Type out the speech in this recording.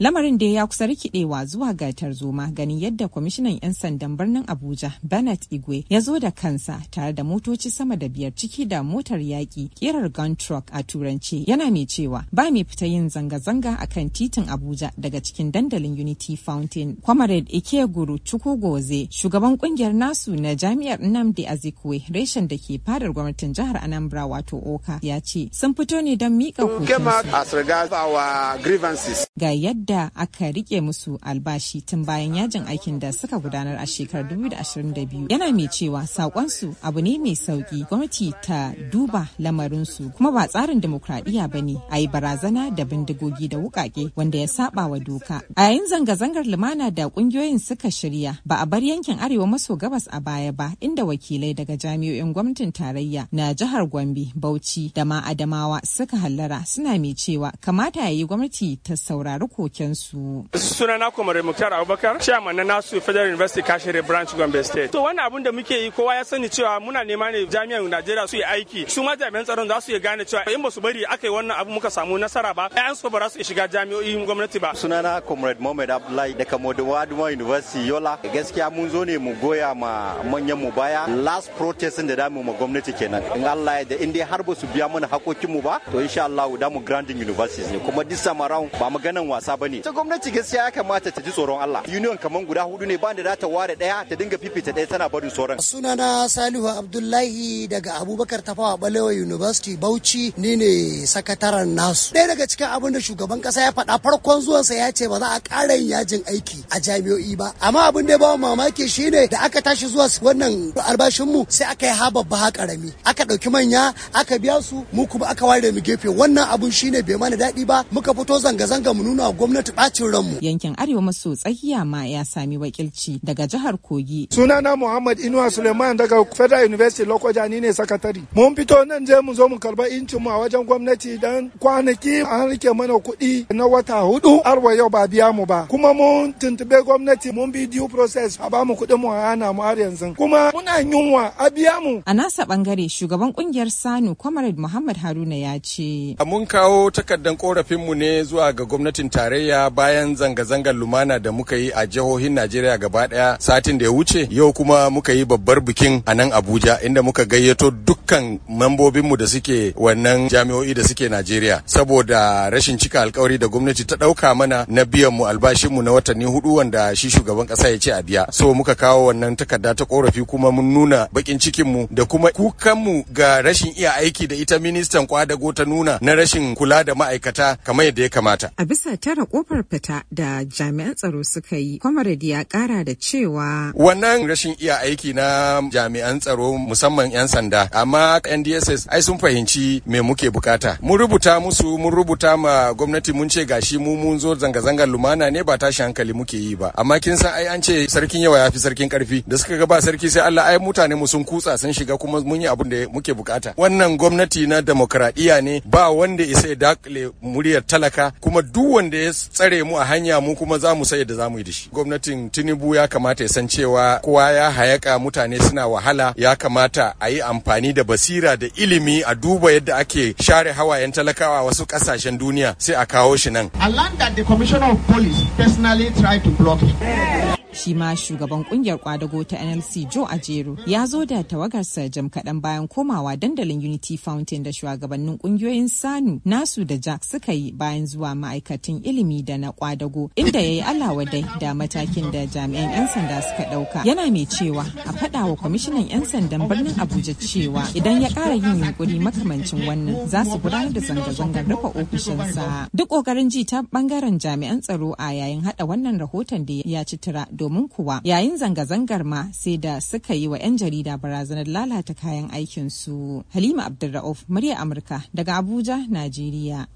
Lamarin da ya kusa rikidewa zuwa ga tarzoma ganin yadda kwamishinan 'yan sandan birnin Abuja Bernard Igwe ya zo da kansa tare da motoci sama da biyar ciki da motar yaƙi kirar gun truck a Turanci, yana mai cewa ba mai fita yin zanga-zanga a kan titin Abuja daga cikin dandalin Unity Fountain. Comrade Ikeguru Chukwugoze shugaban kungiyar nasu na jami'ar Nnamdi Azikwe reshen da ke fadar gwamnatin jihar Anambra wato Oka ya ce sun fito ne don miƙa kokinsu. Ga yadda yadda aka rike musu albashi tun bayan yajin aikin da suka gudanar a shekarar 2022 yana mai cewa sakonsu abu ne mai sauki gwamnati ta duba lamarinsu kuma ba tsarin demokradiyya ba ne a yi barazana da bindigogi da wukake wanda ya saba wa doka a yayin zanga-zangar lumana da ƙungiyoyin suka shirya ba a bar yankin arewa maso gabas a baya ba inda wakilai daga jami'o'in gwamnatin tarayya na jihar gombe bauchi da ma adamawa suka hallara suna mai cewa kamata ya yi gwamnati ta saurari koke koke-kokensu. Suna na Muktar Abubakar, chairman na Nasu Federal University Kashere Branch Gombe State. To wani abun da muke yi kowa ya sani cewa muna nema ne jami'an Najeriya su yi aiki. Su ma jami'an tsaron za su yi gane cewa in ba su bari aka yi wannan abu muka samu nasara ba, ƴan su ba za su shiga jami'o'in gwamnati ba. Suna na Comrade Mohammed Abdullahi daga Modowa Aduma University Yola. Gaskiya mun zo ne mu goya ma manyan mu baya. Last protest da damu ma gwamnati kenan. In Allah ya da in dai har ba su biya mana hakokin mu ba, to insha Allah da mu granting universities ne. Kuma this time around ba maganan wasa ba ne. ta gwamnati gaskiya ya kamata ta ji tsoron Allah union kamar guda hudu ne banda da ta ware daya ta dinga fifita daya tana barin tsoron. sunana Salihu Abdullahi daga Abubakar Tafawa Balewa University Bauchi ni ne sakataren nasu ɗaya daga cikin abin da shugaban kasa ya faɗa farkon zuwansa ya ce ba za a ƙara yin yajin aiki a jami'o'i ba amma abin da ya bawa mamaki shi ne da aka tashi zuwa wannan albashin mu sai aka yi ha ba ha karami aka ɗauki manya aka biya su mu kuma aka ware mu gefe wannan abun shine bai mana daɗi ba muka fito zanga-zanga mu nuna gwamnati gwamnati bacin ranmu. Yankin Arewa maso tsakiya ma ya sami wakilci daga jihar Kogi. Sunana Muhammad Inuwa Suleiman daga Federal University Lokoja ni ne sakatari. Mun fito nan je mu zo mu karba incin mu a wajen gwamnati dan kwanaki an rike mana kuɗi na wata hudu arwa yau ba biya mu ba. Kuma mun tuntube gwamnati mun bi due process a ba mu kuɗin mu a hana mu har yanzu. Kuma muna yunwa a biya mu. A nasa bangare shugaban kungiyar Sanu Comrade Muhammad Haruna ya ce. Mun kawo takardar korafin mu ne zuwa ga gwamnatin tarayya tarayya bayan zanga-zangar lumana da muka yi a jihohin Najeriya gaba ɗaya satin da ya wuce yau kuma muka yi babbar bikin a nan Abuja inda muka gayyato dukkan membobinmu da suke wannan jami'o'i da suke Najeriya saboda rashin cika alkawari da gwamnati ta ɗauka mana na biyan mu albashinmu na watanni hudu wanda shi shugaban kasa ya ce a biya. So muka kawo wannan takarda ta korafi kuma mun nuna bakin cikinmu da kuma kukanmu ga rashin iya aiki da ita ministan kwadago ta nuna na rashin kula da ma'aikata kamar yadda ya kamata. A bisa tara kofar fita da jami'an tsaro suka yi kwamaradi ya kara da cewa wannan rashin iya aiki na jami'an tsaro musamman 'yan sanda amma ndss ai sun fahimci me muke bukata mun rubuta musu mun rubuta ma gwamnati mun ce gashi mu mun zo zanga-zangar lumana ne ba tashi hankali muke yi ba amma kin san ai an ce sarkin yawa ya fi sarkin karfi da suka ga ba sarki sai Allah ai mutane mu sun kutsa sun shiga kuma mun yi abin da muke bukata wannan gwamnati na demokradiya ne ba wanda isa ya dakile muryar talaka kuma duk wanda ya tsare mu a hanya mu kuma za mu sai da za mu yi da shi gwamnatin tinubu ya kamata ya san cewa kowa ya hayaka mutane suna wahala ya kamata a yi amfani da basira da ilimi a duba yadda ake share hawayen talakawa a wasu kasashen duniya sai a kawo shi nan. A land that the commissioner of police personally tried to block it. shi ma shugaban kungiyar kwadago ta nlc joe ajeru ya zo da tawagarsa jam kaɗan bayan komawa dandalin unity fountain da shugabannin kungiyoyin sanu nasu da jack suka yi bayan zuwa ma'aikatan ilimi da na kwadago inda yayi yi alawadai da matakin da jami'an 'yan sanda suka ɗauka yana mai cewa a faɗa wa kwamishinan 'yan sandan birnin abuja cewa idan ya ƙara yin yunkuri makamancin wannan za su gudanar da zanga-zangar rufe ofishinsa duk ƙoƙarin ji ta ɓangaren jami'an tsaro a yayin haɗa wannan rahoton da ya ci tura domin kuwa yayin zanga-zangar ma sai da suka yi wa 'yan jarida barazanar lalata kayan aikinsu. Halima Abdulra'uf, murya Amurka daga Abuja, Najeriya.